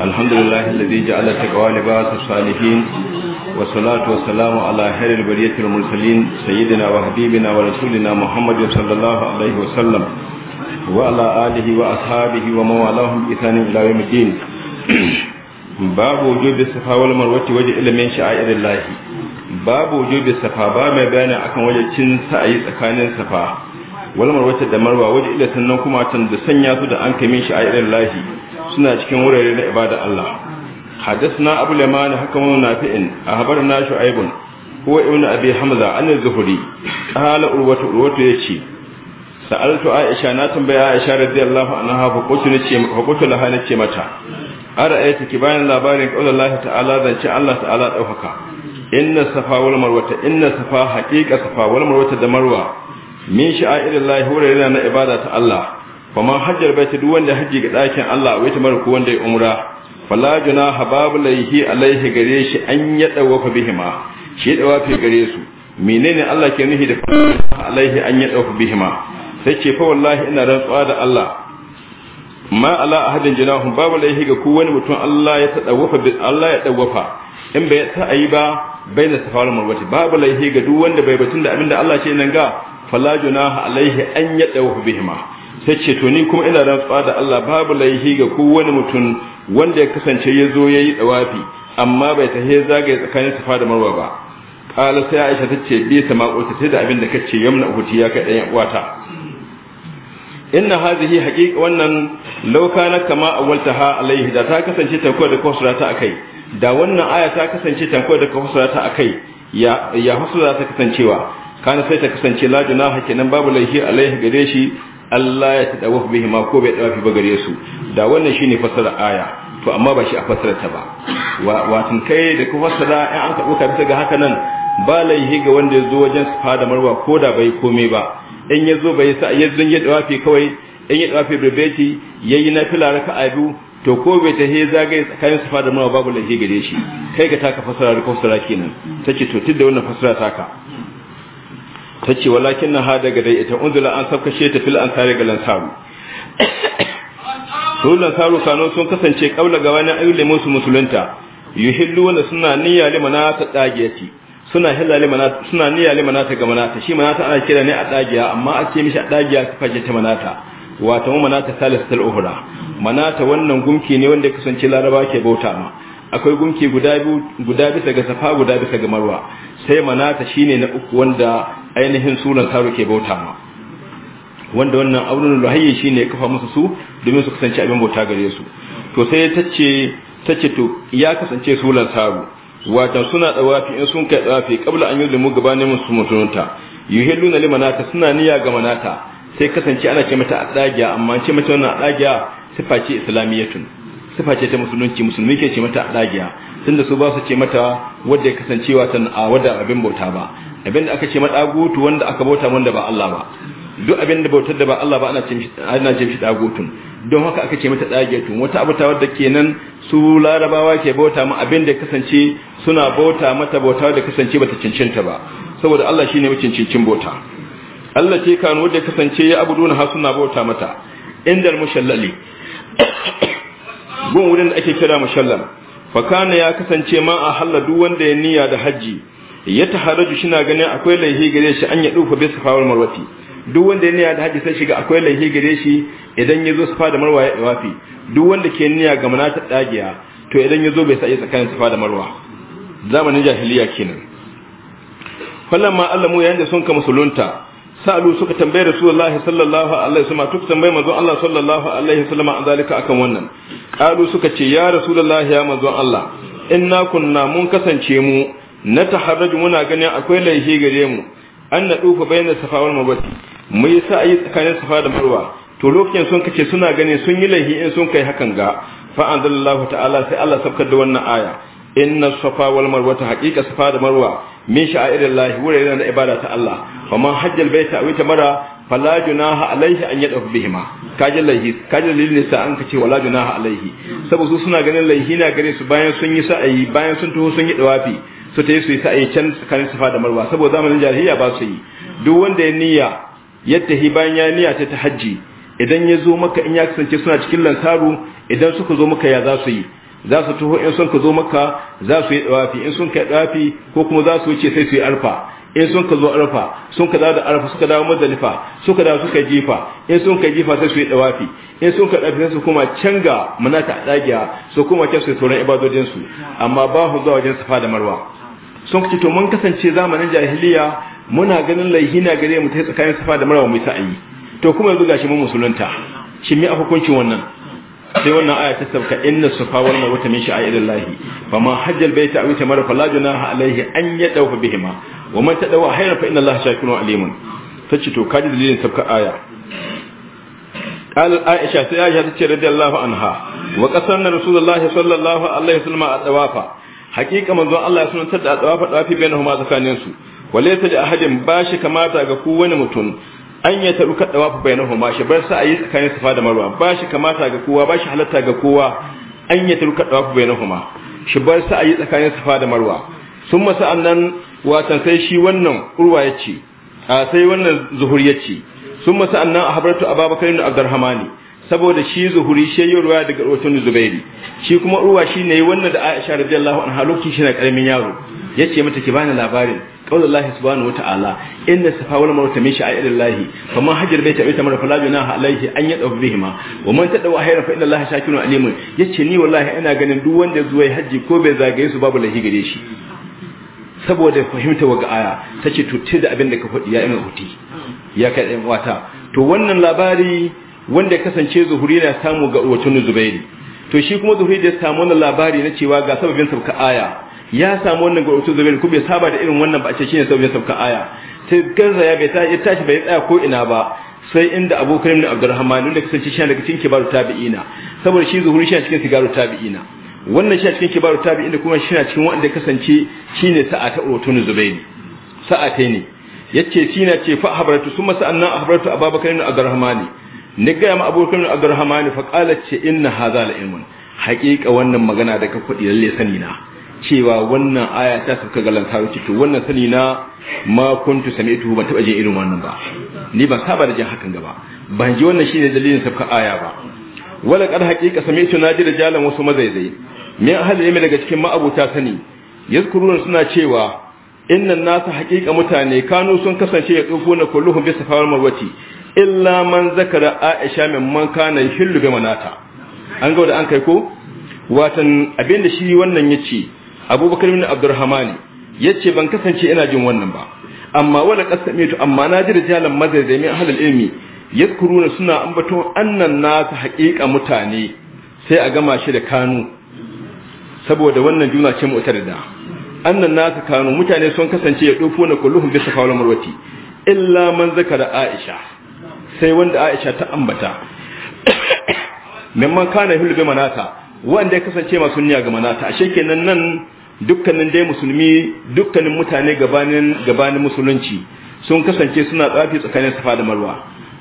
الحمد لله الذي جعل التقوى لباس الصالحين والصلاة والسلام على خير البرية المرسلين سيدنا وحبيبنا ورسولنا محمد صلى الله عليه وسلم وعلى آله وأصحابه وموالاهم إثان إلى يوم الدين باب وجوب الصفا والمروة وجه من شعائر الله باب وجوب الصفا باب بيان أكن وجه cin sa'ayi tsakanin safa wal marwata da marwa waje ila sannan kuma can da sanya su da an kamin shi a irin lahi Suna cikin wurare na ibada Allah. hadisna abu na haka ne hakan na fi in a habar na Shu'aibu kuma ina abi Hamza an zuhuri huri. Tsala urwatu urwatu ya ce. Sa'adatu na tambaya aisha isa radiyya da yahu a nahafu babbutu na hana ce mata. Adana ita ki bayanin labarin ƙaunar Ladi ta'allar da ake Allah ta'ala daufaka. Inna safa walmar wata inna safa hakika safa walmar wata da marwa. Mun sha'a'idar layi wurare na na ibada ta Allah. fa man hajjar bai duk wanda haji ga ɗakin Allah wai ta ko wanda ya umra fala juna babu laihi alaihi gare shi an ya dawafa bihima shi dawa fi gare su menene Allah ke nufi da alaihi an ya dawafa bihima sai ce fa wallahi ina rantsuwa da Allah ma ala ahadin junahum babu laihi ga ku wani mutum Allah ya tadawafa bi Allah ya dawafa in bai ta ayi ba bai da safarar marwati babu laihi ga duk wanda bai batun da abinda Allah ce nan ga fala junaha alaihi an ya dawafa bihima ta ce to ni kuma ina rantsuwa da Allah babu laihi ga kowane mutum wanda ya kasance ya zo ya yi tsawafi amma bai tahe zagaye tsakanin safa da marwa ba kala sai aisha ta ce bi ta makota sai da abin da ka ce yamna uhti ya kai dan uwata inna hadhihi haƙiƙa wannan lauka na kama awalta ha alaihi da ta kasance tankuwa da kwasura ta akai da wannan aya ta kasance tankuwa da kwasura ta akai ya ya za ta kasancewa kana sai ta kasance la junaha kenan babu laihi alaihi gare shi Allah ya tadawaf bihi ma ko bai dawafi ba bagare su da wannan shine fasara aya to amma ba shi a fasara ta ba watan kai da ku fasara in an ka dauka bisa ga haka nan ba laihi ga wanda ya zo wajen su fada marwa ko da bai komai ba in ya zo bai sa ya zan ya wafi kawai in ya dawafi birbeti yayi na fila a biyu to ko bai ta he zagaye tsakanin su fada marwa babu laihi gare shi kai ga taka fasara da fasara kenan tace to tunda wannan fasara taka ta ce walakin na hada ga dai ita unzula an sabkashe ta fil an ga lansaru su lansaru kano sun kasance kaula ga wani ayyule musu musulunta yuhillu wanda suna niyya limana ta dagiyati suna hilla limana suna niyya limana ta ga manata shi manata ana kira ne a dagiya amma ake mishi a dagiya ta fashe ta manata wato manata tal uhra manata wannan gumki ne wanda kasance laraba ke bauta ma akwai gunki guda guda bisa ga safa guda bisa ga marwa sai manata shine na uku wanda ainihin sunan taro ke bauta ma wanda wannan auren luhayyi shine ya kafa musu su domin su kasance abin bauta gare su to sai ta ce ta ce to ya kasance sunan taro wato suna tsawafi in sun kai tsawafi kabla an yi limu gabanin musu mutunta yuhilluna limanata suna niyya ga manata sai kasance ana ce mata adagiya amma an ce mata wannan adagiya sifa ce islamiyatun sifa ce ta musulunci musulmi ke ce mata adagiya tunda su ba su ce mata wadda ya kasancewa a wadda abin bauta ba Abin da aka ce madagutu wanda aka bauta wanda ba Allah ba duk da bautar da ba Allah ba ana ce ana ce shi dagutun don haka aka ce mata dagetun wata abuta wadda kenan su larabawa ke bauta mu da kasance suna bauta mata bauta da kasance bata cincinta ba saboda Allah shine mucincin bauta Allah ce kanu wadda kasance ya abuduna ha suna bauta mata indal mushallali gun wurin da ake kira mushallal fa kana ya kasance ma a haladu wanda ya niyya da haji ya taharaju shina ganin akwai laihi gare shi an ya dufa bi safawar marwati duk wanda ya niyya da haji sai shiga akwai laihi gare shi idan ya zo safa da marwa ya wafi duk wanda ke niyya ga manata dagiya to idan ya zo bai sai tsakanin safa da marwa zamanin jahiliya kenan Allah allamu yayin da sun ka musulunta sa'alu suka tambaye rasulullahi sallallahu alaihi wasallam tuk tambaye manzon Allah sallallahu alaihi wasallam an zalika akan wannan qalu suka ce ya rasulullahi ya manzon Allah inna kunna mun kasance mu na taharraju muna ganin akwai laihi gare mu an na dufa bayan safa wal mabati mu yi sa'ayi tsakanin safa da marwa to lokacin sun kace suna ganin sun yi laihi in sun kai hakan ga fa anzalallahu ta'ala sai Allah sabkar da wannan aya inna safa wal marwa ta haqiqa safa da marwa min sha'airillahi wuraren da ibada ta Allah faman hajjal baita aw tamara fala junaha alaihi an yadaf bihima kajin laihi kajin lilin sa an kace wala junaha alaihi saboda su suna ganin laihi na gare su bayan sun yi sa'ayi bayan sun taho sun yi dawafi su ta yi su yi sa'ayi can tsakanin safa da marwa saboda zamanin jahiliya ba su yi duk wanda ya niyya yadda hi bayan ya niyya ta ta hajji idan ya zo maka in ya kasance suna cikin lansaru idan suka zo maka ya za su yi za su tuho in sun ka zo maka za su yi dawafi in sun ka dawafi ko kuma za su wuce sai su yi arfa in sun ka zo arfa sun ka dawo da arfa suka dawo mazalifa suka dawo suka jifa in sun ka jifa sai su yi dawafi in sun ka dawafi sai su kuma canga manata a dagiya su kuma can su sauran ibadodin amma ba hu zuwa wajen safa da marwa sun ce to mun kasance zamanin jahiliya muna ganin na gare mu ta tsakanin safa da marwa mai sa'ayi to kuma yanzu gashi mun musulunta shi me hukuncin wannan sai wannan aya ta sabka inna safa wal marwa min fa ma hajjal baita mar fa la junaha alayhi an yadawu bihima wa man tadawa hayra fa inna allaha shakirun alimun tace to kaji dalilin sabka aya قال عائشة سيدة عائشة رضي الله عنها وقصرنا رسول الله صلى الله عليه وسلم الطواف hakika manzo Allah ya sunantar da dawafa dawafi huma tsakanin su ta li ahadin bashi kamata ga wani mutum an ya taru ka dawafa huma shi bar sa ayi tsakanin safa da marwa bashi kamata ga kowa bashi halatta ga kowa an ya taru ka dawafa huma shi bar sa ayi tsakanin safa da marwa sun masa annan watan sai shi wannan urwa ya ce sai wannan zuhur ya ce sun masa annan a habartu ababakar ibn abdurrahmani saboda shi zuhuri shi ya ruwa daga rotun zubairi shi kuma ruwa shi ne wannan da aisha radiyallahu anha lokacin shi na karamin yaro yace mata ki bani labarin qaulullahi subhanahu wa ta'ala inna safa wal marwa min fa man hajar bai tabi tamar fala bina an yadaw bihima wa man tadaw hayra fa inna allaha shakirun alimun yace ni wallahi ina ganin duk wanda zuwa haji ko bai zagaye su babu lahi gare shi saboda fahimta wa aya tace tutti da abin da ka faɗi ya ina huti ya kai wata to wannan labari wanda ya kasance zuhuri na samu ga wacin zubairi to shi kuma zuhuri da ya samu wannan labari na cewa ga sababin sabka aya ya samu wannan ga wacin zubairi kuma bai saba da irin wannan ba a ce shi ne sababin sabka aya sai garza ya bai tashi tashi bai tsaya ko ina ba sai inda abokan ibn abdurrahman wanda kasance shi daga cikin kibaru tabi'ina saboda shi zuhuri shi cikin sigaru tabi'ina wannan shi cikin kibaru tabi'ina kuma shi cikin wanda kasance shi ne sa'a ta wacin zubairi sa'a ta ne yace sina ce fa habaratu summa sa'anna habaratu ababakar ibn abdurrahmani ni gaya ma abokan abdurrahman fa qalat ce inna hadha la ilmun haqiqa wannan magana da ka kudi lalle sani na cewa wannan aya ta suka ga lansaru ce to wannan sani na ma kuntu sami'tu ban taba jin irin wannan ba ni ban saba da jin hakan gaba ban ji wannan shine dalilin sabka aya ba wala qad haqiqa sami'tu naji da jalan wasu mazaizai min ahli ilmi daga cikin abuta sani yazkuruna suna cewa innan nasu haƙiƙa mutane kanu sun kasance ya tsofo na kulluhum bisa fawar marwati illa man zakara aisha min man kana hillu bi manata an ga da an kai ko watan abinda shi wannan yace abubakar bin abdurrahmani yace ban kasance ina jin wannan ba amma wala qasamitu amma na ji rijalan mazaidai min ahlul ilmi yadkuruna suna ambato annan nasu haƙiƙa mutane sai a gama shi da kanu saboda wannan juna ce mu'tarida annan nasu kanu mutane sun kasance ya dofo na kulluhum bi safawal marwati illa man zakara aisha sai wanda Aisha ta ambata mimman kana hulbe manata wanda ya kasance masu niyya ga manata ashe kenan nan dukkanin dai musulmi dukkanin mutane gabanin gabanin musulunci sun kasance suna tsafi tsakanin safa da marwa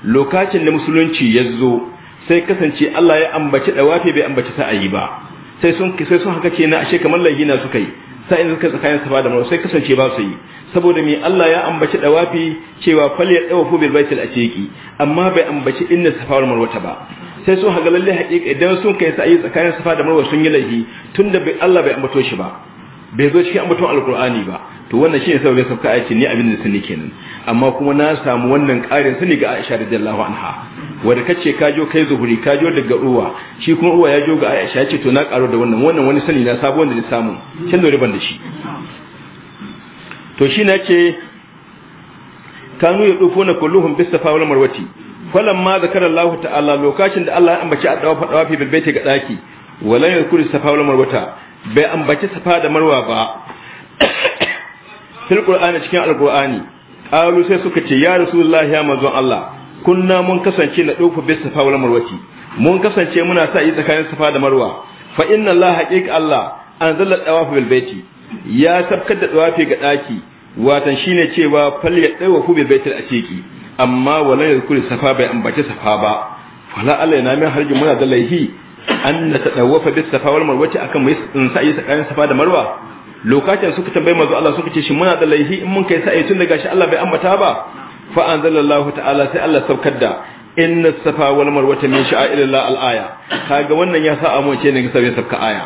lokacin da musulunci ya zo sai kasance Allah ya ambaci dawafi bai ambaci sa'ayi ba sai sun sai sun haka kenan ashe kamar lahina suka yi sa'in suka tsakanin safa da marwa sai kasance ba su yi saboda me Allah ya ambaci dawafi cewa fal ya dawafu bil a ciki amma bai ambaci inna safa wal marwa ba sai sun haga lalle haƙiƙa idan sun kai sa'ayi tsakanin safa da marwa sun yi laifi tunda bai Allah bai ambato shi ba bai zo cikin ambaton alkur'ani ba to wannan shi shine saboda ka aiki ni abin da sani kenan amma kuma na samu wannan karin sani ga Aisha radiyallahu anha wanda kace ka jo kai zuhuri ka jo daga uwa shi kuma uwa ya jo ga Aisha ce to na karo da wannan wannan wani sani na sabo wanda ni samu kin dore ban da shi to shi na ce kanu ya dufo na kulluhum bis safa wal marwati ma zakara Allah ta'ala lokacin da Allah ya ambaci a dawa fadawa fi bilbaiti ga daki walan yakuri safa wal marwata bai ambaci safa da marwa ba fil qur'ani cikin alqur'ani qalu sai suka ce ya rasulullahi ya manzon Allah kunna mun kasance na dofa bi safa wal marwati mun kasance muna sa yi tsakanin safa da marwa fa inna Allah haqiqa Allah anzala tawaf bil baiti ya tabkar da tawafi ga daki watan shine cewa fal ya dawafu bil baitul atiqi amma wala yadhkuru safa bai ambaci safa ba fala Allah yana min harji muna da laihi an na tadawafa bis safa wal marwa akan mai sa'i tsakanin safa da marwa lokacin suka tambayi mazu Allah suka ce shi muna da laihi in mun kai sa'i tun da gashi Allah bai ambata ba fa anzalallahu ta'ala sai Allah saukar da inna safa wal marwa min sha'airillah al aya kaga wannan ya sa amince ne ga sabai sabka aya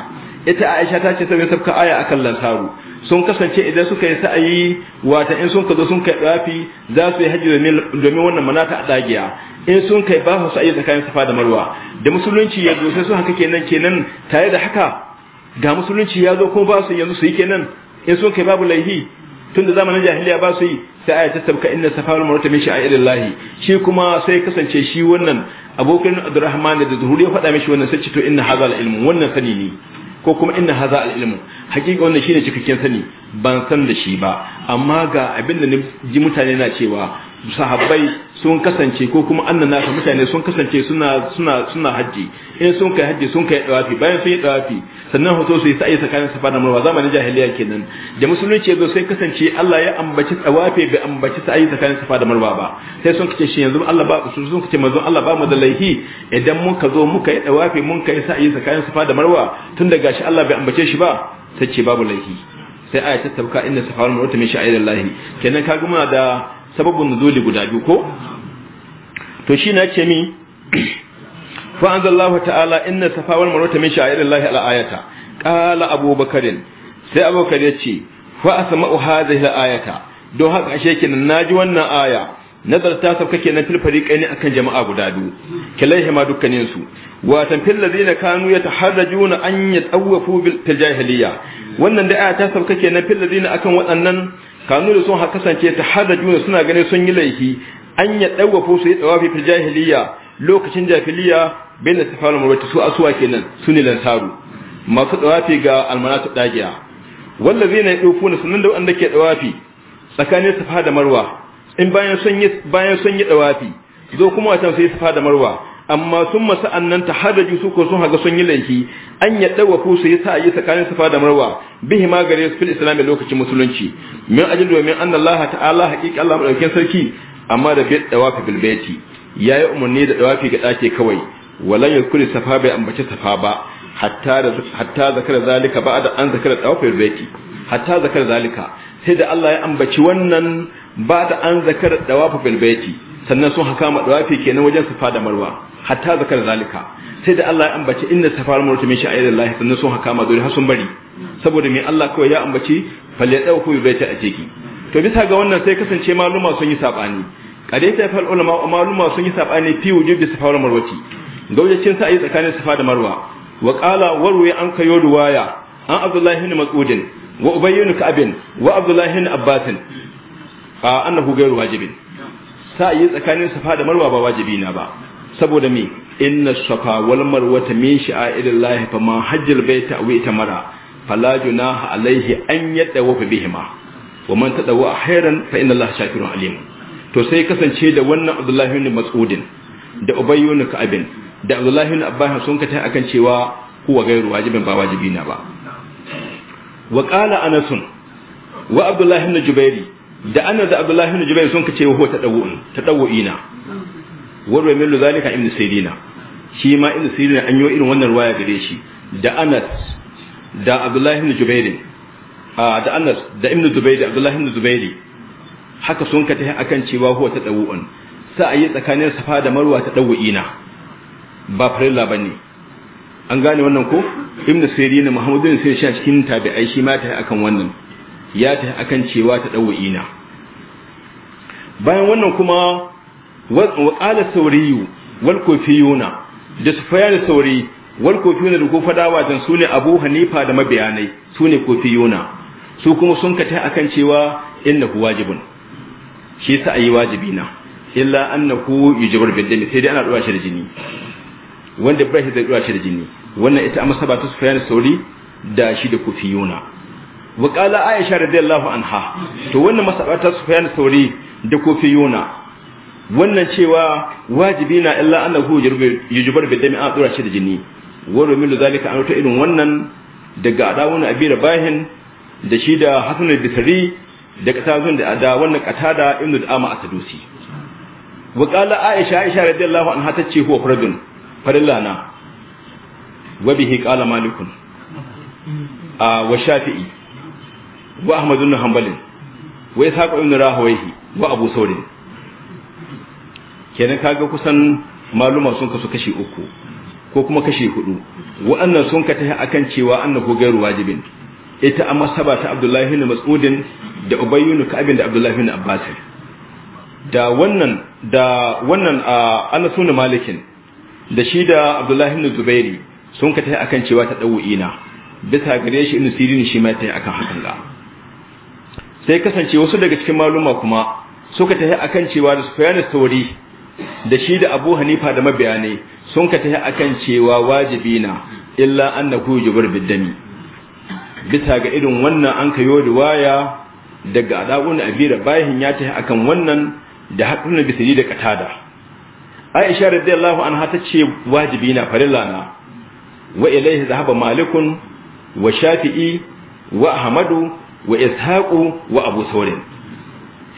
ita Aisha ta ce sai sabka aya akan lantaru sun kasance idan suka yi sa'ayi wata in sun zo sun kai dafi za su yi haji domin wannan manata a dagiya in sun kai ba su sa'ayi tsakanin safa da marwa da musulunci ya zo sai su haka kenan kenan tare da haka ga musulunci ya zo kuma ba su yanzu su yi kenan in sun kai babu laihi tun da zamanin jahiliya ba su yi sai aya ta sabka inna safarul marwa min sha'airillahi shi kuma sai kasance shi wannan abokan Abdurrahman da Zuhuri ya faɗa mishi wannan sai ce to inna hadha ilmu wannan sani ne ko kuma inna haza al-ilmu hakika wannan ne cikakken sani ban san da shi ba amma ga abin da ji mutane na cewa sahabbai sun kasance ko kuma annan nasa mutane sun kasance suna suna suna haji in sun kai haji sun kai dawafi bayan sun yi dawafi sannan hoto su yi sa'i tsakanin safa da marwa zamanin jahiliya kenan da musulunci yazo sai kasance Allah ya ambaci dawafi bai ambaci sa'i tsakanin safa da marwa ba sai sun kace shi yanzu Allah ba su sun kace manzo Allah ba mu da laihi idan mun ka zo muka yi dawafi mun kai sa'i tsakanin safa da marwa tun da gashi Allah bai ambace shi ba sai ce babu laihi sai aya ta tabka inna safa wal marwa min sha'irillahi kenan kaga muna da sababun nuzuli guda biyu ko to shi na ce mi fa anzalallahu ta'ala inna safa wal min sha'irillahi ala ayata qala abubakar sai abubakar ya ce fa asma'u hadhihi ayata don haka ashe kenan naji wannan aya nazar ta sabka kenan fil fariqaini akan jama'a guda biyu kilaihi ma dukkanin su wa tamfil ladina kanu yataharrajuna an yatawafu bil jahiliya wannan da aya ta sabka kenan fil ladina akan waɗannan kanu da sun kasance ta hada juna suna ganin sun yi laifi an ya dawafo su yi tsawafi fil jahiliya lokacin jahiliya bin da safar murwati su asuwa kenan su ne lantaru. masu tsawafi ga almanatu dagiya wallazina yadufuna sunan da wanda ke tsawafi tsakanin safa da marwa in bayan sun yi sun yi tsawafi zo kuma sun sai safa da marwa amma sun masu annan ta hada ju suko sun haga sun yi laifi an ya dawa ko su yi yi tsakanin safa da marwa bihi ma gare su fil islami lokacin musulunci min ajin domin an Allah ta'ala haƙiƙa Allah madaukakin sarki amma da bi dawafi bil baiti yi umarni da dawafi ga ɗaki kawai walan yakuri safa bai ambaci safa ba hatta da hatta zakar zalika ba'da an zakar dawafi bil baiti hatta zakar zalika sai da Allah ya ambaci wannan ba da an zakar dawafi bil baiti sannan sun haka fi kenan wajen safa da marwa hatta zakar zalika sai da Allah ya ambaci inna safar marwa a yadda lahi sannan sun haka ma dole har sun bari saboda mai Allah kawai ya ambaci yi bi a jeki, to bisa ga wannan sai kasance maluma sun yi dai kadaita fal ulama maluma sun yi saɓani fi wujubi safar ci gaujacin sa ayi tsakanin safa da marwa wa qala warwi an kayo ruwaya an abdullahi ibn mas'udin wa ubayyin ka'bin wa abdullahi ibn abbasin annahu ghayru wajibin yi tsakanin safa da marwa ba wajibi na ba saboda me inna safa wal ta min sha'irillah fa man hajjal baita aw itamara fala junaha alaihi an yatawafa bihima wa man tadawa khairan fa inna allaha shakirun alim to sai kasance da wannan abdullahi ibn mas'udin da ubayy ibn ka'abin da abdullahi ibn abbas sun kata akan cewa kuwa gairu wajibin ba wajibi na ba wa qala anas wa abdullahi ibn jubairi da annas da abdullahi ibn jubair sun kace huwa tadawwun tadawwina warwa min zalika ibn sirina shi ma ibn sirina an yi irin wannan ruwaya gare shi da anas da abdullahi ibn jubair da anas da ibn zubair da abdullahi ibn zubair haka sun kace akan cewa huwa tadawwun sa ayi tsakanin safa da marwa tadawwina ba farilla bane an gane wannan ko ibn sirina muhammadu sai shi cikin tabi'ai shi ma ta akan wannan ya ta akan cewa ta ɗauwa'ina bayan wannan kuma waƙalar sauriyu wal kofiyuna da su faya da sauri wal kofiyuna da ko faɗa wajen su ne abu hanifa da mabiyanai su ne kofiyuna su kuma sun ka ta akan cewa innahu wajibun shi sa ayi wajibi na illa annahu yujbar bil dami sai dai ana dora shi da jini wanda bai zai dora shi da jini wannan ita amma sabata su faya da sauri da shi da kofiyuna wa qala aisha radiyallahu anha to wannan su fayyana sauri da kofi yona wannan cewa wajibi na illa annahu yujbar bi dami a tsura shi da jini wa rumilu zalika an ta irin wannan daga adawun abira bahin da shi da hasan al-bisri da katazun da da wannan qatada ibnu da'ama as-sadusi wa qala aisha aisha radiyallahu anha ce huwa faradun farillana wa bihi qala malikun A wa shafi'i wa ahmad ibn hanbal wa ishaq ibn rahawayhi wa abu sauri kenan kaga kusan maluma sun kasu kashi uku ko kuma kashi hudu annan sun ka tahi akan cewa annahu gairu wajibin ita a masaba ta abdullahi ibn mas'udin da ubay ibn ka'ab da abdullahi ibn abbas da wannan da wannan anas sunan malikin da shi da abdullahi ibn zubairi sun ka tahi akan cewa ta ina bisa gare shi ibn sirin shi ma tahi akan hakan ga sai kasance wasu daga cikin maluma kuma suka tafi akan cewa da Sufyan sauri da shi da Abu Hanifa da mabiyanai sun ka tafi akan cewa wajibi na illa annahu jubur biddami bisa ga irin wannan an kayo riwaya daga adabun abira bayan ya tafi akan wannan da hadin da bisiri da katada Aisha radiyallahu anha ta ce wajibi na farilla na wa ilaihi zahaba malikun wa shafi'i wa ahmadu wa ishaqu wa abu saurin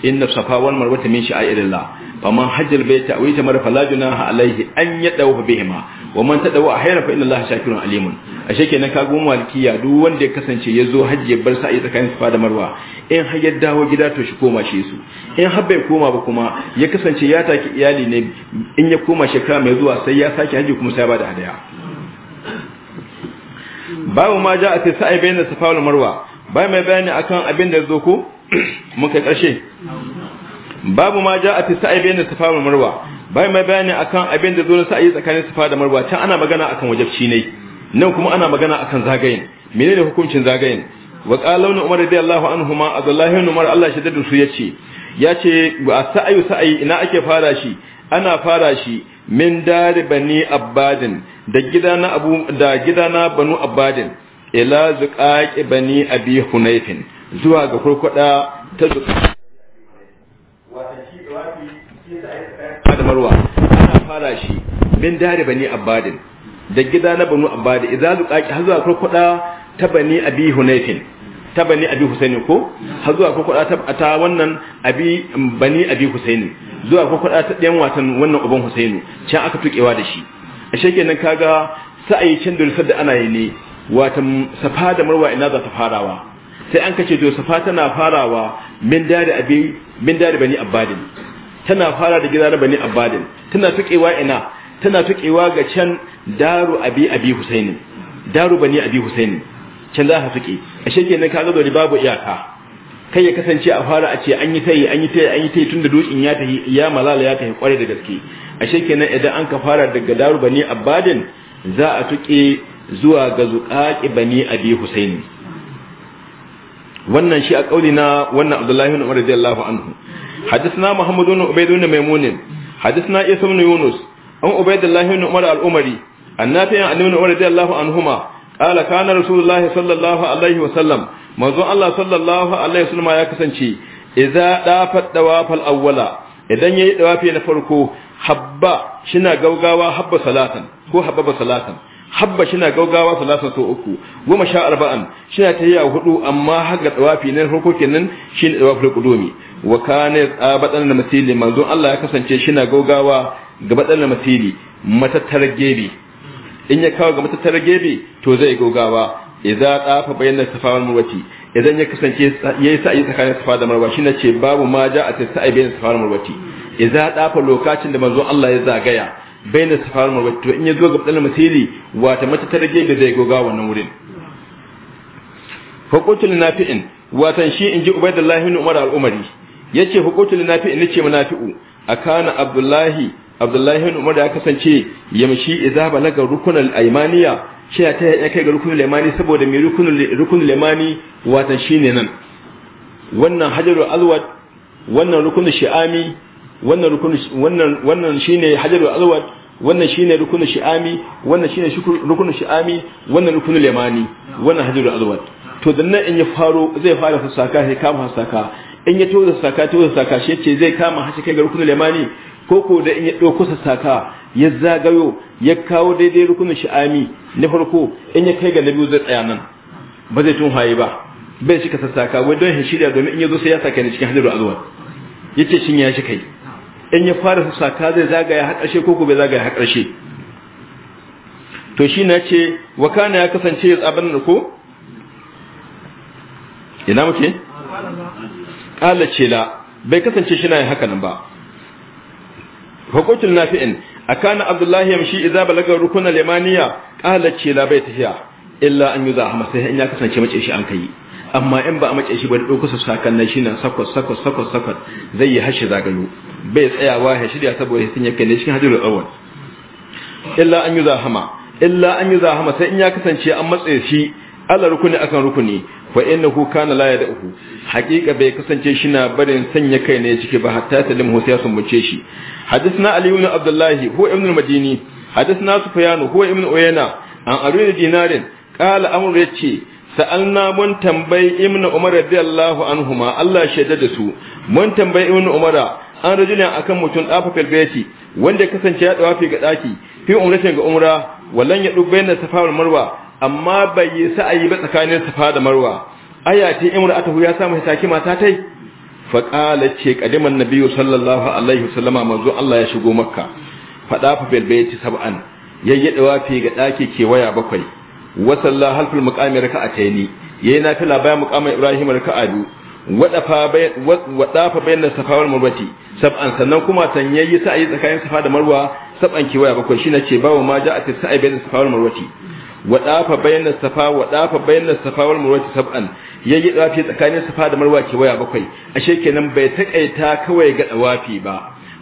inna safa wal marwata min sha'irillah faman hajjal baita aw Mara fala junaha alayhi an yadawu bihima wa man tadawa ahira fa inna allaha shakirun alimun ashe kenan ka ga malikiya duk wanda ya kasance ya zo hajji ya bar sa'i tsakanin safa da marwa in har ya dawo gida to shi koma shi su in har bai koma ba kuma ya kasance ya taki iyali ne in ya koma shekara mai zuwa sai ya sake hajji kuma sai ba da hadaya babu ma ja'a fi sa'i bayna safa wal marwa bai mai bayani akan abin da zo ko mun kai karshe babu ma ja a fi sa'i bayan da safa da marwa bai mai bayani akan abin da zo na sa'i tsakanin safa da marwa can ana magana akan wajabci ne nan kuma ana magana akan zagayen menene hukuncin zagayen wa qala umar radiyallahu anhu ma azallahu umar Allah da su yace yace a sa'ayu sa'ayi ina ake fara shi ana fara shi min dari bani abbadin da gidana abu da gidana banu abbadin ila zuqaqi bani abi hunayfin zuwa ga kurkuda ta zuqaqi da marwa ana fara shi min dare bani abadin da gida na banu abadi idza zuqaqi har zuwa kurkuda ta bani abi hunayfin ta bani abi husaini ko har zuwa kurkuda ta ta wannan abi bani abi husaini zuwa kurkuda ta ɗayan watan wannan uban husaini can aka tukewa da shi a shekenan kaga sa'ayi can da ana yi ne Wata safa da marwa ina za ta farawa sai an kace to safa tana farawa min dari abi min dari bani abadin tana fara da gida bani abadin tana tukewa ina tana tukewa ga can daru abi abi husaini daru bani abi husaini can za ka tuke ashe ka kaga dole babu iyaka kai ya kasance a fara a ce an yi tayi an yi tayi an yi tayi tunda dokin ya tahi ya malala ya tahi kware da gaske ashe ne idan an ka fara daga daru bani abadin za a tuke zuwa ga zuƙaƙi bani abi husaini wannan shi a ƙauli na wannan abdullahi ibn da Allahu anhu hadisna muhammad ibn ubayd ibn maimun hadisna isa ibn yunus an ubaydullah ibn umar al-umari annabi an ibn umar Allahu anhuma qala kana rasulullahi sallallahu alaihi wa sallam manzo allah sallallahu alaihi wa sallam ya kasance idza dafat dawafal awwala idan yayi dawafi na farko habba shina gaugawa habba salatan ko habba salatan habba shina gaugawa salasa to uku goma sha arba'an shina ta yi hudu amma haka ga tsawafi na farko kenan shi ne tsawafin kudumi wa kana tsabatan na masili manzon Allah ya kasance shina gaugawa ga batsan na masili matattar gebe in ya kawo ga matattar gebe to zai gaugawa idza tsafa bayyana safa wal idan ya kasance yayi sa'i tsakanin safa da marwa shine ce babu ma a ta sa'i bayyana safa wal marwati idza tsafa lokacin da manzon Allah ya zagaya baina safar marwa to in ya zo ga tsanin masili wata mata ta rage da zai goga wannan wurin hukutul nafi'in watan shi inji ubaidullahi ne umar al-umari yace hukutul nafi'in nace munafi'u akana abdullahi abdullahi ne umar ya kasance yamshi idza balaga rukunul aymaniya shi ta ya kai ga rukunul aymani saboda mai rukunul rukunul aymani watan shine nan wannan hajarul alwad wannan rukunul shi'ami wannan rukunu wannan wannan shine hajarul aswad wannan shine rukunin shi'ami wannan shine rukunin shi'ami wannan rukunin limani wannan hajarul aswad to dan nan in ya faro zai fara saka sai kama saka in ya tozo saka tozo saka shi ce zai kama hashi kai ga rukunin limani ko ko da in ya dauko saka ya zagayo ya kawo daidai rukunin shi'ami na farko in ya kai ga nabi zai tsaya nan ba zai tun haye ba bai shi ka saka wai don shirya domin in ya zo sai ya saka ne cikin hadiru azwar yace shin ya shi kai in ya fara saka zai zagaya har ƙarshe ko bai zagaya har ƙarshe to shi na ce wa kana ya kasance ya tsaban da ko ina muke ƙala ce la bai kasance shi na yin haka nan ba hukuncin nafi'in a kana abdullahi yamshi idza balaga rukun al-yamaniya ƙala ce la bai tafiya illa an yuza hama sai in ya kasance mace shi an kai amma in ba a mace shi ba da ɗaukusa sakan na shi nan sakwas sakwas sakwas sakwas zai yi hashi zagayo. bai tsayawa ya shirya saboda sun yake ne cikin hajjar tsawon illa an yi zahama illa an yi zahama sai in ya kasance an matse shi ala rukuni akan rukuni fa na kana la yad'u haqiqa bai kasance shi na barin sanya kai ne ciki ba hatta salim sai sun buce shi hadisna ali ibn abdullah hu ibn madini hadisna sufyan hu ibn uyana an arina dinarin qala amru yace sa'alna mun tambayi ibnu umar radiyallahu anhuma Allah shaida da su mun tambayi ibnu umara an rajulin akan mutum dafa filbeti wanda kasance ya dawafi ga ɗaki fi umratin ga umra wallan ya dubbe na safawar marwa amma bai yi sa'ayi ba tsakanin safa da marwa aya ce imra'atuhu ya sa samu hitaki mata ta fa qala ce qadiman nabiyyu sallallahu alaihi wasallama manzo Allah ya shigo makka fa dafa filbeti sab'an yayyadawa fi ga daki kewaya bakwai wa salla halful muqami raka'ataini yayi nafila bayan muqamin ibrahim raka'a biyu wadafa bayan safa wal marwati sab'an sannan kuma tan yayi sa'i tsakanin safa da marwa sab'an kiwaya bakwai shine ce bawo ma ja'at sa'i bayan safa wal marwati wadafa bayan safa wadafa bayan safa wal marwati sab'an yayi dafi tsakanin safa da marwa kiwaya bakwai ashe kenan bai takaita kawai ga dawafi ba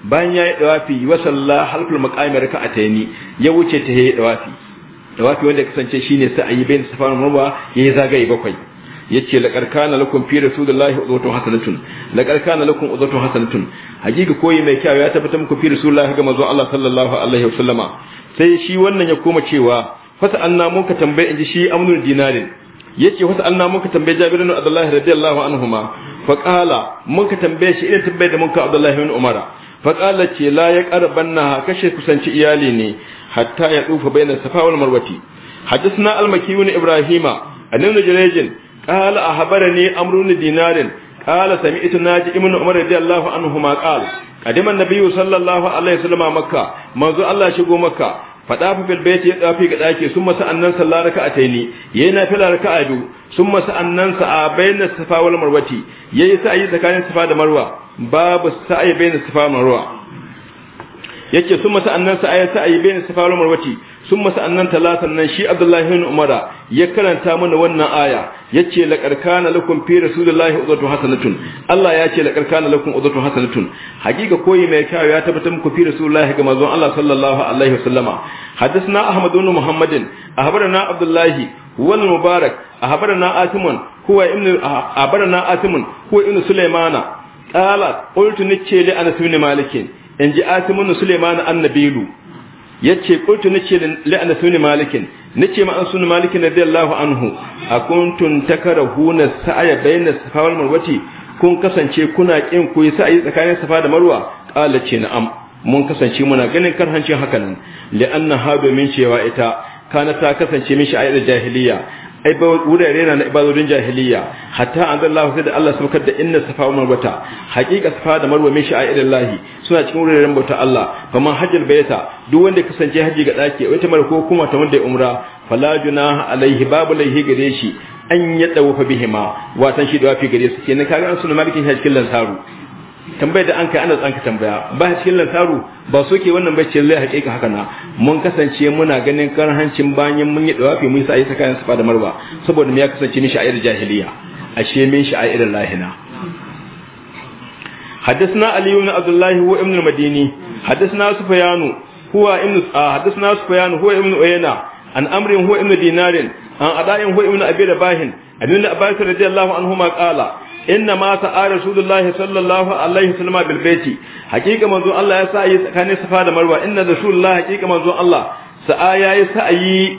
bayan yayi dawafi wa sallah halful a raka'ataini ya wuce ta yayi dawafi tawafi wanda kasance shine sai ayi bayin safa da marwa yayi zagaye bakwai yace laqad kana lakum fi rasulillahi uswatun hasanatun laqad kana lakum uswatun hasanatun hakika koyi mai kyau ya tabbata muku fi rasulillahi ga manzo Allah sallallahu alaihi wasallama sai shi wannan ya koma cewa fata anna muka tambaye inji shi amnul dinarin yace wata anna muka tambaye Jabir bin Abdullah radiyallahu anhuma fa qala muka tambaye shi ina tambaye da muka Abdullah bin Umar faƙala ce la ya ƙarabanna kashe kusanci iyali ne hatta ya tsufa bayan safa wal marwati hadisna al wani ibrahima annabi ne jirejin qala ne amru ibn dinarin ita na ji ibnu umar radiyallahu anhu ma qala qadima an-nabiyyu sallallahu alaihi wasallam makka manzo Allah shigo makka fadafa bil baiti ya dafi ga ɗaki, daki summa sa'annan salla raka'ataini yayi nafila raka'a biyu sun summa sa'annan sa'a bayna safa wal marwati yayi sa'i tsakanin safa da marwa babu sa'i bayna safa marwa yake masu annan sa'a sa'i bayna safa wal marwati sun masa annan talatan nan shi abdullahi bin umara ya karanta mana wannan aya yace laqad kana lakum fi rasulillahi uzatu hasanatun Allah ya ce laqad lakum uzatu hasanatun hakika koyi mai kyau ya tabbatar muku fi rasulillahi ga manzon Allah sallallahu alaihi wasallama hadathna ahmad ibn muhammadin ahbarana abdullahi wal mubarak ahbarana atimun huwa ibn ahbarana atimun huwa ibn sulaimana qala qultu nice li anas ibn malik in ji atimun sulaimana annabilu yace qultu nace li ana sunni malikin nace ma an sunni malikin radiyallahu anhu akuntum takarahuna sa'ya bayna safa wal marwati kun kasance kuna kin ku sa'yi tsakanin safa da marwa qala ce na'am mun kasance muna ganin karhancin hakan li anna ha min cewa ita kana ta kasance mishi a jahiliya ai wurare na ibadodin jahiliya hatta an anzalallahu sai da Allah saukar da inna safa wa marwata haqiqa safa da marwa min lahi suna cikin wuraren bauta Allah kamar hajjal Bayyata duk wanda kasance haji ga daki wata mar ko kuma ta wanda ya umra fala juna alaihi babu laihi gare shi an ya fa bihima watan shi da wafi gare su kenan kaga an suna malikin hajjin lansaru tambayar da an kai ana tsanka tambaya ba cikin lantaru ba so ke wannan bacci zai haƙiƙa haka na mun kasance muna ganin karhancin bayan mun yi dawafi mun sa ayyuka kayan safa da marwa saboda ya kasance ni sha'ir jahiliya ashe min sha'ir lahina حدثنا علي بن عبد الله هو ابن المديني حدثنا سفيان هو ابن حدثنا سفيان هو ابن عيينة عن أمر هو ابن دينار عن أداء هو ابن أبي رباح عن ابن عباس رضي الله عنهما قال inna ma sa'a rasulullahi sallallahu alaihi wasallam bil baiti hakika manzo Allah ya sa yi tsakanin safa da marwa inna rasulullahi hakika manzo Allah sa'a ya yayi sa'i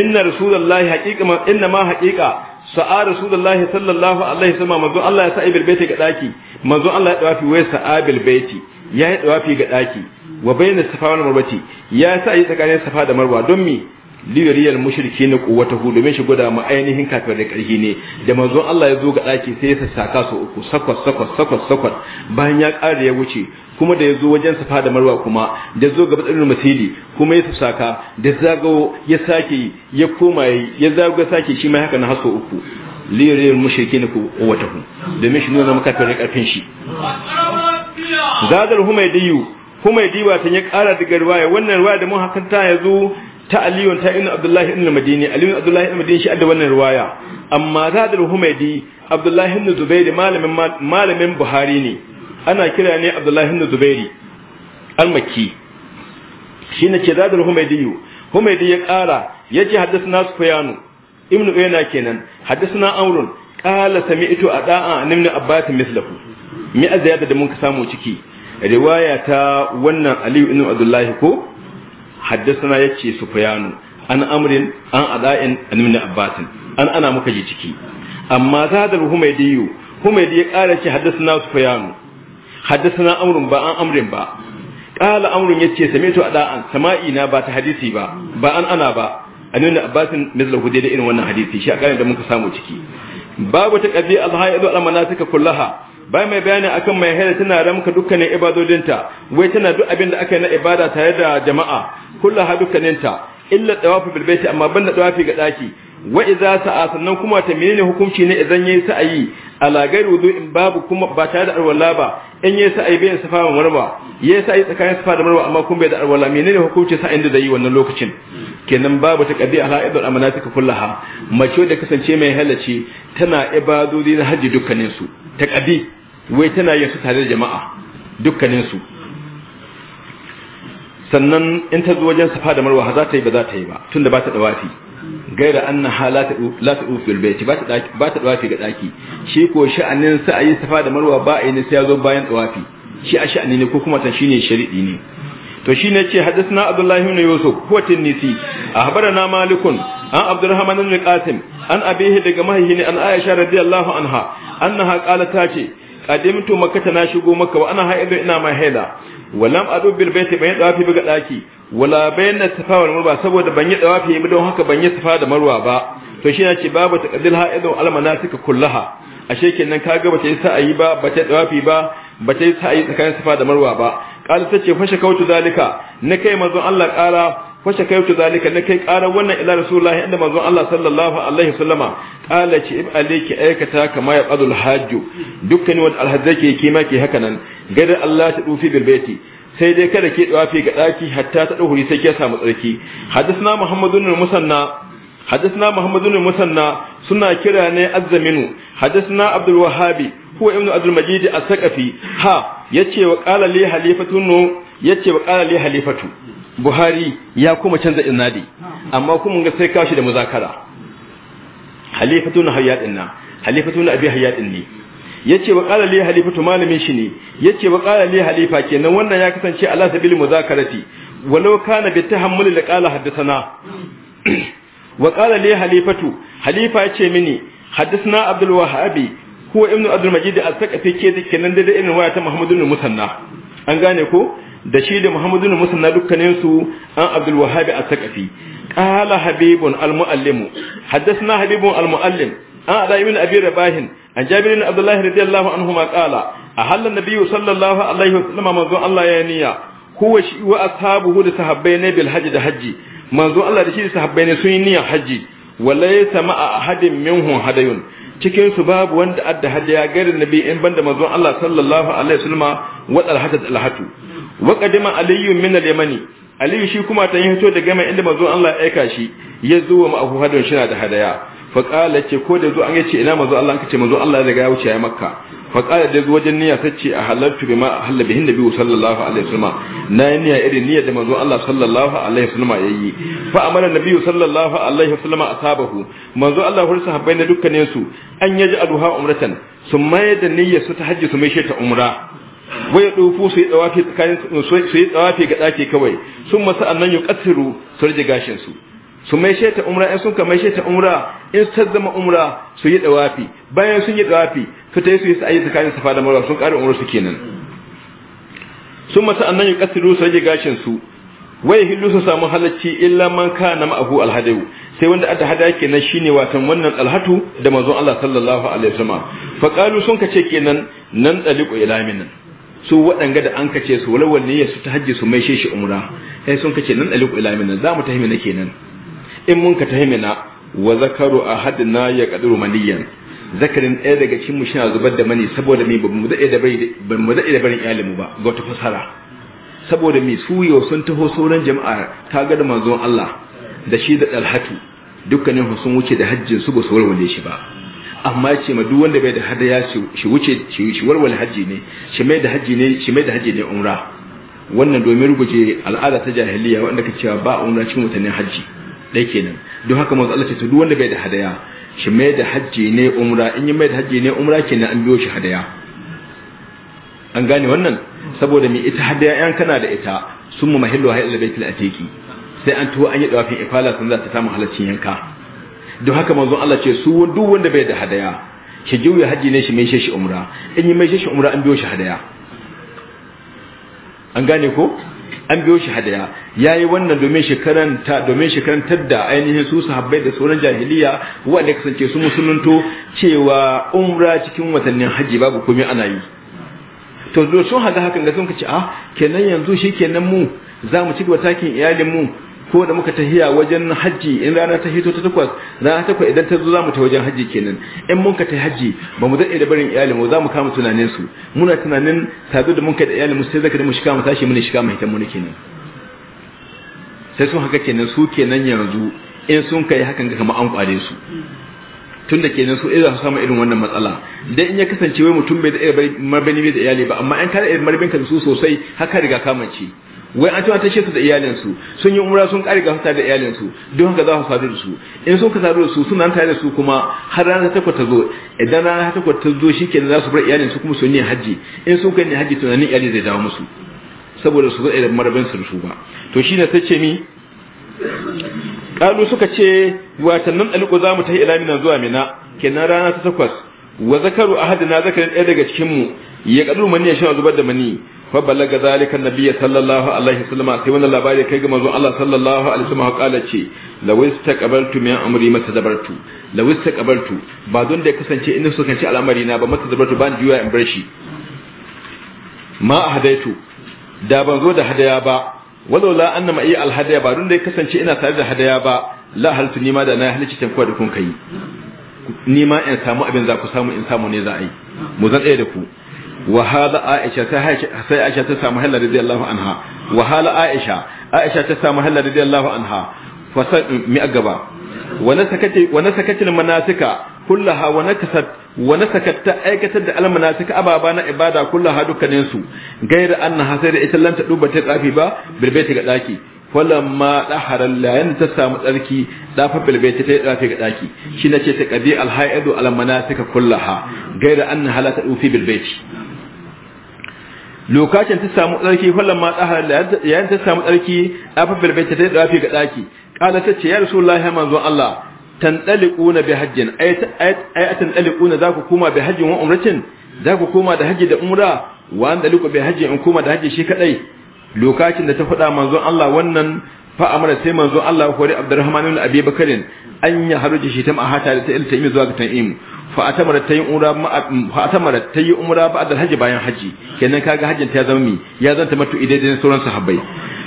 inna rasulullahi hakika inna ma hakika sa'a rasulullahi sallallahu alaihi wasallam manzo Allah ya sa'i bil baiti ga daki manzo Allah ya dawafi wai sa'a bil baiti yi dawafi ga daki wa bayna safa wal marwa ya sa yi tsakanin safa da marwa don mi liyariyar mushriki na kuwatahu domin shi gwada ma ainihin kafin da ƙarfi ne da manzon Allah ya zo ga ɗaki sai ya sassaka su uku sakwas sakwas sakwas sakwas bayan ya ƙara ya wuce kuma da ya zo wajen safa da marwa kuma da zo ga batsarin masili kuma ya sassaka da zagawo ya sake ya koma ya zago sake shi mai haka na haso uku liyariyar mushriki na kuwatahu domin shi nuna maka kafin da ƙarfin shi zadar humaydiyu humaidiwa ta ya ƙara daga garwaya wannan ruwa da mun hakanta ya zo ta aliyun ta inu abdullahi ibn madini aliyun abdullahi ibn madini shi adda wannan riwaya amma zadul humaydi abdullahi ibn zubairi malamin malamin buhari ne ana kira ne abdullahi ibn zubairi al-makki shi ne ce zadul humaydi humaydi ya kara yace haddathna sufyanu ibn uyana kenan haddathna amrun qala sami'tu ada'a an ibn abbas mislahu mi aziyada da mun ka samu ciki riwaya ta wannan aliyu ibn abdullahi ko haddasana yace sufyanu an amrin an ada'in an ibn abbas an ana muka ji ciki amma za zadar humaydiyu humaydi ya ƙara ce haddasana sufyanu haddasana amrin ba an amrin ba amrin ya ce same to ada'an sama'i na ba ta hadisi ba ba an ana ba an Abbasin abbas mithlahu da irin wannan hadisi shi a karin da muka samu ciki babu ta ƙabi al-hayd al suka kullaha bai mai bayani akan mai haila tana ramka dukkanin ibadodinta wai tana duk abin da aka yi na ibada tare da jama'a kullu ha dukkaninta illa tawafu bil baiti amma banda tawafi ga daki wa idza sa'a sannan kuma ta menene hukunci ne idan yayi sa'ayi ala gari in babu kuma ba tare da alwala ba in yayi sa'ayi bayan safa da marwa yayi sa'ayi tsakanin safa da marwa amma kuma bai da alwala menene hukunci sa'in da yi wannan lokacin kenan babu ta qadi ala idul amanatika kullaha mace da kasance mai halaci tana ibadodi na haji dukkanin su ta qadi wai tana yin su tare da jama'a dukkaninsu sannan in ta zo wajen safa da marwa za ta yi ba za ta yi ba tun da ba ta dawafi gaira an na la ta ufil ba ta dawafi ga daki shi ko sha'anin sa a yi safa da marwa ba a yi sai ya zo bayan dawafi shi a sha'ani ne ko kuma ta shine sharidi ne to shi ne ce hadisna abdullahi ibn yusuf huwa tinisi ahbarana malikun an abdurrahman ibn qasim an abihi daga mahihini an aisha radiyallahu anha annaha qalat ta ce qadimtu makkata na shigo makka wa ana haida ina mai haida walam adu bil baiti bayin dawafi ga daki wala bayna safa wal marwa saboda ban yi dawafi mu don haka ban yi safa da marwa ba to shi ce babu taqdil haidun al manasik kullaha ashe kenan kaga bata sa ayi ba bata dawafi ba bata sa ayi tsakanin safa da marwa ba qala tace fashe kautu zalika na kai mazan Allah qala fa shakaytu zalika na kai karar wannan ila rasulullahi inda manzon Allah sallallahu alaihi wasallama qala ci ib alayki aikata kama ya qadul hajju dukkan wanda alhajja ke kima ke haka nan gada Allah ta dufi bil sai dai kada ke dawafi ga daki hatta ta duhuri sai ke samu tsarki hadisna muhammadun musanna suna محمد بن المثنى سنة كراني الزمن حدثنا عبد الوهاب هو ابن عبد المجيد الثقفي wa يتي وقال buhari ya kuma canza inadi amma kuma ga sai kashi da muzakara halifatu na hayyadin na halifatu na abi hayyadin ne yace wa qala li halifatu malamin shi ne yace wa qala li halifa kenan wannan ya kasance ala sabil muzakarati walau kana bi tahammul li qala hadathana wa qala li halifatu halifa yace mini hadathana abdul wahhabi ko ibnu abdul majid al-thaqafi kenan da irin waya ta muhammadu musanna an gane ko da shi da Muhammadu bin Musanna dukkanin su an Abdul Wahhab al-Thaqafi qala Habibun al-Muallim haddathna Habibun al-Muallim an Ada'i bin Abi Rabah an Jabir bin Abdullah radiyallahu anhu ma qala ahalla an-nabiy sallallahu alaihi wasallam manzo Allah ya niyya huwa shi wa ashabuhu da sahabbai ne bil hajji da hajji manzo Allah da shi da sahabbai ne sun yi niyyar hajji walaysa ma'a ahadin minhum hadayun cikin su babu wanda adda hadiya garin nabi in banda manzon Allah sallallahu alaihi wasallam wadal hajjat alhatu wa qadima aliyyun min al-yamani aliyu shi kuma ta yi hito da gama inda manzo Allah ya aika shi ya zo wa ma'ahu hadon shi na da hadaya fa qala ce ko da zo an yace ina manzo Allah kace manzo Allah ya daga ya wuce ya makka fa qala da zo wajen niyya sace a halaltu bima ahalla bihin nabi sallallahu alaihi wasallam na yi niyya irin niyyar da manzo Allah sallallahu alaihi wasallam yayi fa amara nabi sallallahu alaihi wasallam asabahu manzo Allah hursa sahabbai na dukkanin su an yaji aduha umratan sun mayar da niyyar su ta hajji su mai shi ta umra wai dufu su yi tsawafi tsakanin su yi tsawafi ga dace kawai sun masa annan yuqassiru su rage gashin su su mai shaita umra in sun ka mai sheta umra in ta zama umra su yi tsawafi bayan sun yi tsawafi su ta yi su yi sa'ayi tsakanin safa da marwa sun ƙara umra su kenan sun masa annan yuqassiru su rage gashin su wai hillu su samu halacci illa man kana ma'ahu alhadu sai wanda aka hada kenan shine watan wannan alhatu da manzon Allah sallallahu alaihi wasallam fa qalu sun ce kenan nan daliqu ila minan su waɗanga da an kace su walawal ne su ta hajji su mai shi umra sai sun kace nan aliku ila min za mu tahimina kenan in mun ka tahimina wa zakaru ahadna ya qadru maniyan zakarin ɗaya daga cikin mu shina zubar da mani saboda me bamu da da bai bamu da da barin iyalin ba ga ta fasara saboda me su yau sun taho sauran jama'a ta ga da manzon Allah da shi da dalhatu dukkanin sun wuce da hajjin su ba su walwale shi ba amma ce ma duk wanda bai da hadaya shi wuce shi warwal haji ne shi mai da haji ne shi mai da haji ne umra wannan domin ruguje al'ada ta jahiliya wanda ka cewa ba umra cikin watannin haji dai kenan don haka manzo Allah ce to duk wanda bai da hadaya shi mai da haji ne umra in yi mai da haji ne umra kenan an biyo shi hadaya an gane wannan saboda me ita hadaya yan kana da ita sun mu mahillu hayal baitul atiqi sai an tuwa an yi dawafin ifala sun za ta samu halaccin yanka don haka manzon Allah ce su duk wanda bai da hadaya shi juya haji ne shi mai shi umra in yi mai shi umra an biyo shi hadaya an gane ko an biyo shi hadaya yayi wannan domin shi karanta domin shi karantar da ainihin su sahabbai da sauran jahiliya wanda kasance su musulunto cewa umra cikin watannin haji babu komai ana yi to sun haga hakan da sun kace ah kenan yanzu shikenan mu za mu ci gaba takin iyalin mu ko da muka tahiya wajen haji in rana ta hito ta takwas rana takwas idan ta zo za mu ta wajen haji kenan in mun ka ta haji ba mu daɗe da barin iyali mu mu kama tunanin su muna tunanin sadu da mun ka da iyali mu sai zaka da mu shiga mu tashi ne shiga mu hitan mu kenan sai sun haka kenan su kenan yanzu in sun kai hakan ga kamar an kware su tunda kenan su idan su samu irin wannan matsala dan in ya kasance wai mutum bai da mabani bai da iyali ba amma an kare irin marbin kan su sosai haka riga ce wai an ta shi da iyalinsu sun yi umra sun kare gafata da iyalinsu don haka za su sadu da su in sun ka sadu da su suna tare da su kuma har rana ta takwas ta zo idan rana ta takwas ta zo shi ke za su bar iyalinsu kuma su ne haji in sun kai ne haji tunanin iyali zai dawo musu saboda su zai da marabin su su ba to ne ta ce mi kalu suka ce watan nan daliko za mu ta ila mina zuwa mina kenan rana ta takwas wa zakaru ahadina zakarin ɗaya daga cikin mu ya kadu mani ya shi zubar da mani fa balaga zalika nabiyyi sallallahu alaihi wasallam sai wannan labari kai ga manzon Allah sallallahu alaihi wasallam kala ce lawis taqabaltu min amri matadabartu lawis taqabaltu ba don da ya kasance inda suka ci al'amari na ba matadabartu ban juya in bar shi ma hadaitu da ban zo da hadaya ba walaula anna ma'i alhadaya ba don da ya kasance ina tare da hadaya ba la haltu nima da na halicci tankuwa da kun kai nima in samu abin za ku samu in samu ne za a yi mu zan tsaya da ku wa hada aisha sai aisha ta samu halal radiyallahu anha wa aisha aisha ta samu halal radiyallahu anha fa sai mi agaba wa nasakati wa nasakati kullaha wa ta aikatar da almanasika ababa na ibada kullaha dukkanin su gaira annaha sai da ita lanta ta ba bilbaita ga daki ta samu tsarki dafa bilbaita ta yi dafe ga daki shi na ce ta kadi alhaidu almanasika kullaha gaira an halata dufi bilbaiti lokacin ta samu tsarki fallan ma tsahara yayin ta samu tsarki afa fil baiti da dafi ga daki kala ta ce ya rasulullahi manzon Allah tandaliquna bi hajjin ay ay tandaliquna za ku koma bi hajjin wa umratin za ku koma da haji da umra wa daliku bi hajjin in koma da haji shi kadai lokacin da ta faɗa manzon Allah wannan fa amara sai manzo Allah ya kori Abdurrahman ibn Abi Bakr an ya haruje shi ta mahata da ta ilta imi zuwa ga tan'im fa atamara tayi umra fa atamara tayi umra ba da haji bayan haji kenan kaga hajjin ta zama mi ya zanta idai da sauran sahabbai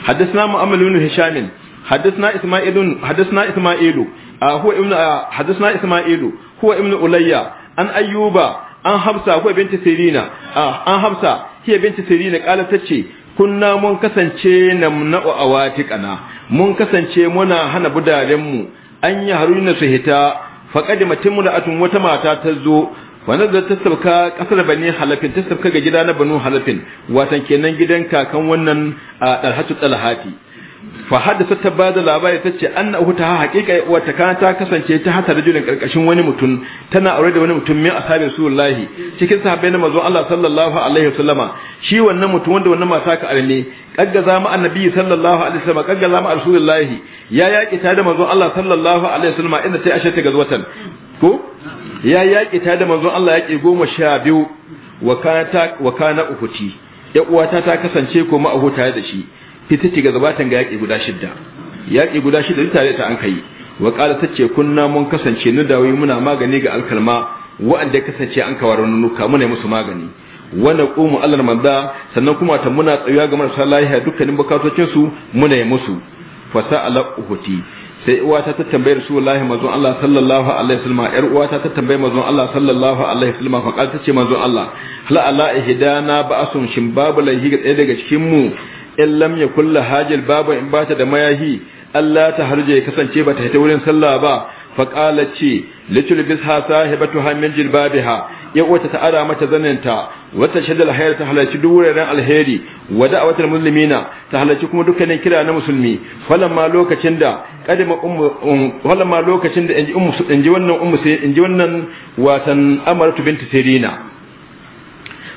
haddathna mu'ammal ibn hisham حدثنا إسماعيل حدثنا إسماعيل هو ابن حدثنا إسماعيل هو ابن أولية أن أيوب أن حبسة هو بنت سيرين an hamsa هي binti sirina qalat tace kunna mun kasance namna'u awatiqana mun kasance muna hana budarenmu an yi haruna su hita faqad mula'atun wata mata ta zo wannan da ta sabka kasar bani halafin ta sabka ga gida na banu halafin watan kenan gidan kakan wannan dalhatu dalhati fa haddasa ta bada labari ta ce an uku ta haƙiƙa wata kana ta kasance ta hata rajulin ƙarƙashin wani mutum tana aure da wani mutum min ashabi rasulullahi cikin sahabbai na mazo Allah sallallahu alaihi wasallama shi wannan mutum wanda wannan mata ka arne kaggaza mu annabi sallallahu alaihi wasallam kaggaza ma rasulullahi ya yaƙi ta da mazo Allah sallallahu alaihi wasallama inda ta ashata gazwatan ko ya yaƙi ta da mazo Allah yaƙi goma sha biyu wa kana wa kana uku ci uwata ta kasance ko ma ahu tare da shi ita ce gabatan ga yaƙi guda shidda yaƙi guda shidda duk tare ta an kai wa ƙala ta ce kunna mun kasance nu wai muna magani ga alkalma wa'anda kasance an kawar nuka muna musu magani wanda ƙumu allar manda sannan kuma ta muna tsayuwa ga marasa lahiya dukkanin bukatocin su muna yi musu fasa ala uhti sai uwata ta tambaye rasulullahi manzon Allah sallallahu alaihi wasallam yar uwata ta tambaye manzon Allah sallallahu alaihi wasallam fa ta ce manzon Allah hal ala ihdana ba'asun shin babu laihi ga daga cikin mu in lam kulla hajil babu in bata da mayahi Allah ta harje kasance bata ta wurin sallah ba fa qalat ce litul bisha ha min jilbabiha ya wata ta ara mata zaninta wata shaddal hayar ta halarci duk wuraren alheri wa da'awatul muslimina ta halarci kuma dukkanin kira na musulmi falamma lokacin da kadima ummu um, falamma lokacin da inji ummu inji wannan ummu sai inji wannan watan sirina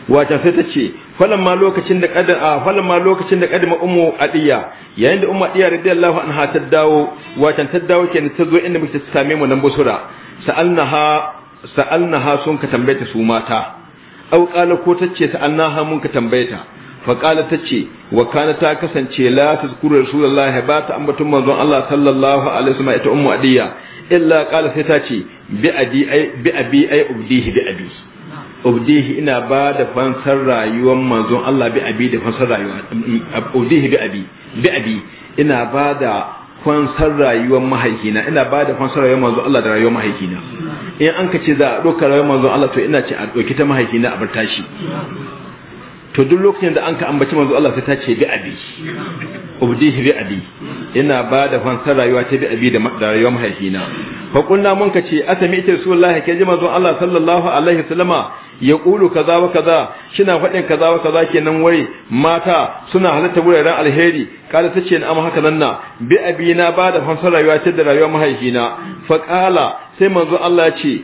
sai ta ce falamma lokacin da kadin falamma lokacin da kadima ummu adiya yayin da ummu adiya radiyallahu anha ta dawo watan ta dawo kenan ta zo inda muke same mu nan busura sa'alnaha sa'alnaha sun ka tambayta su mata aw qala ko tace sa'alnaha mun ka tambayta fa qala tace wa kana ta kasance la tazkuru rasulullahi ba ta ambatun manzon Allah sallallahu alaihi wasallam ita ummu adiya illa qala sai ta ce bi abi ai bi abi ai ubdihi bi abi ubdihi ina ba da fansar rayuwar manzon Allah bi abi da fansar rayuwa ubdihi bi abi bi abi ina ba da fansar rayuwar mahaikina ina ba da fansar rayuwar manzon Allah da rayuwar mahaikina in an ka ce za a ɗauka rayuwar manzon Allah to ina ce a ɗauki ta mahaikina a bar tashi to duk lokacin da an ka ambaci manzo Allah sai ta ce bi abi ubdihi bi abi ina ba da fansar rayuwa ta bi abi da rayuwar mahaifina fa kunna mun ka ce asami ita rasulullahi ke ji manzo Allah sallallahu alaihi wasallama ya kulu kaza wa kaza shina fadin kaza wa kaza kenan wai mata suna halatta wuraren alheri kala tace in amma haka nan na bi abi na ba da fansar rayuwa ta da rayuwar mahaifina fa kala sai manzo Allah ya ce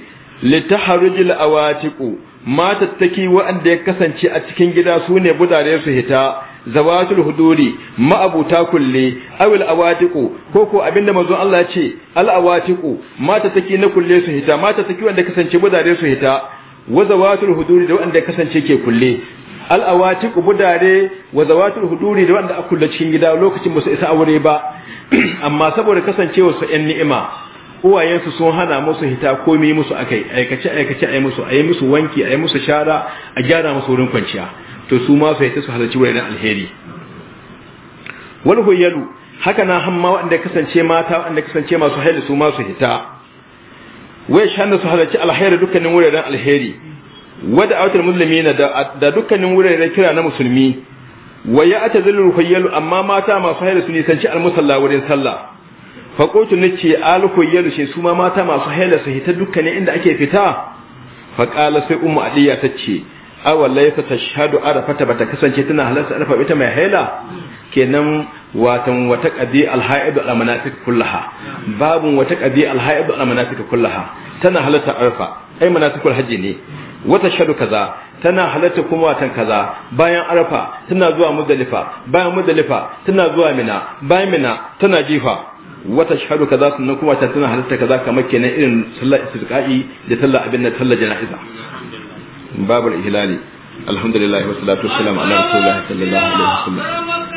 litaharujil awatiqu matattaki waɗanda ya kasance a cikin gida su ne budare su hita zawatul huduri ma'abuta kulle awil awatiku ko ko abinda manzon Allah ya ce al awatiku matattaki na kulle su hita matattaki waɗanda kasance budare su hita wa zawatul huduri da waɗanda kasance ke kulle al awatiku budare wa zawatul huduri da waɗanda a kulle cikin gida lokacin ba su isa aure ba amma saboda kasancewa su ƴan ni'ima uwayensu sun hana musu hita komai musu akai aikace aikace yi musu yi musu wanki yi musu shara a gyara musu wurin kwanciya to su ma su hita su halarci wuraren alheri wal huyalu haka na hamma wanda kasance mata wanda kasance masu haili su ma su hita wai shanda su halarci alheri dukkanin wuraren alheri wada autar musulmi da dukkanin wuraren kira na musulmi wa ya atazilul huyalu amma mata masu haili su nisanci almusalla wurin sallah faƙotu na ce alkoyar ce su ma mata masu haila su hita dukkanin inda ake fita faƙala sai umu aliya ta ce awa laifa ta shahadu ta bata kasance tana halarta arafa ita mai haila kenan watan wata qadi alhaidu manafik kullaha babu wata qadi alhaidu manafik kullaha tana halarta arafa ai manasikul hajji ne wata shadu kaza tana halarta kuma watan kaza bayan arafa tana zuwa muzdalifa bayan muzdalifa tana zuwa mina bayan mina tana jifa wata shahadu kaza sannan kuma ta tana halatta kaza kamar kenan irin sallar istirqa'i da sallar abin da sallar jana'iza babul ihlali alhamdulillah wa salatu wassalamu ala rasulillah sallallahu alaihi wasallam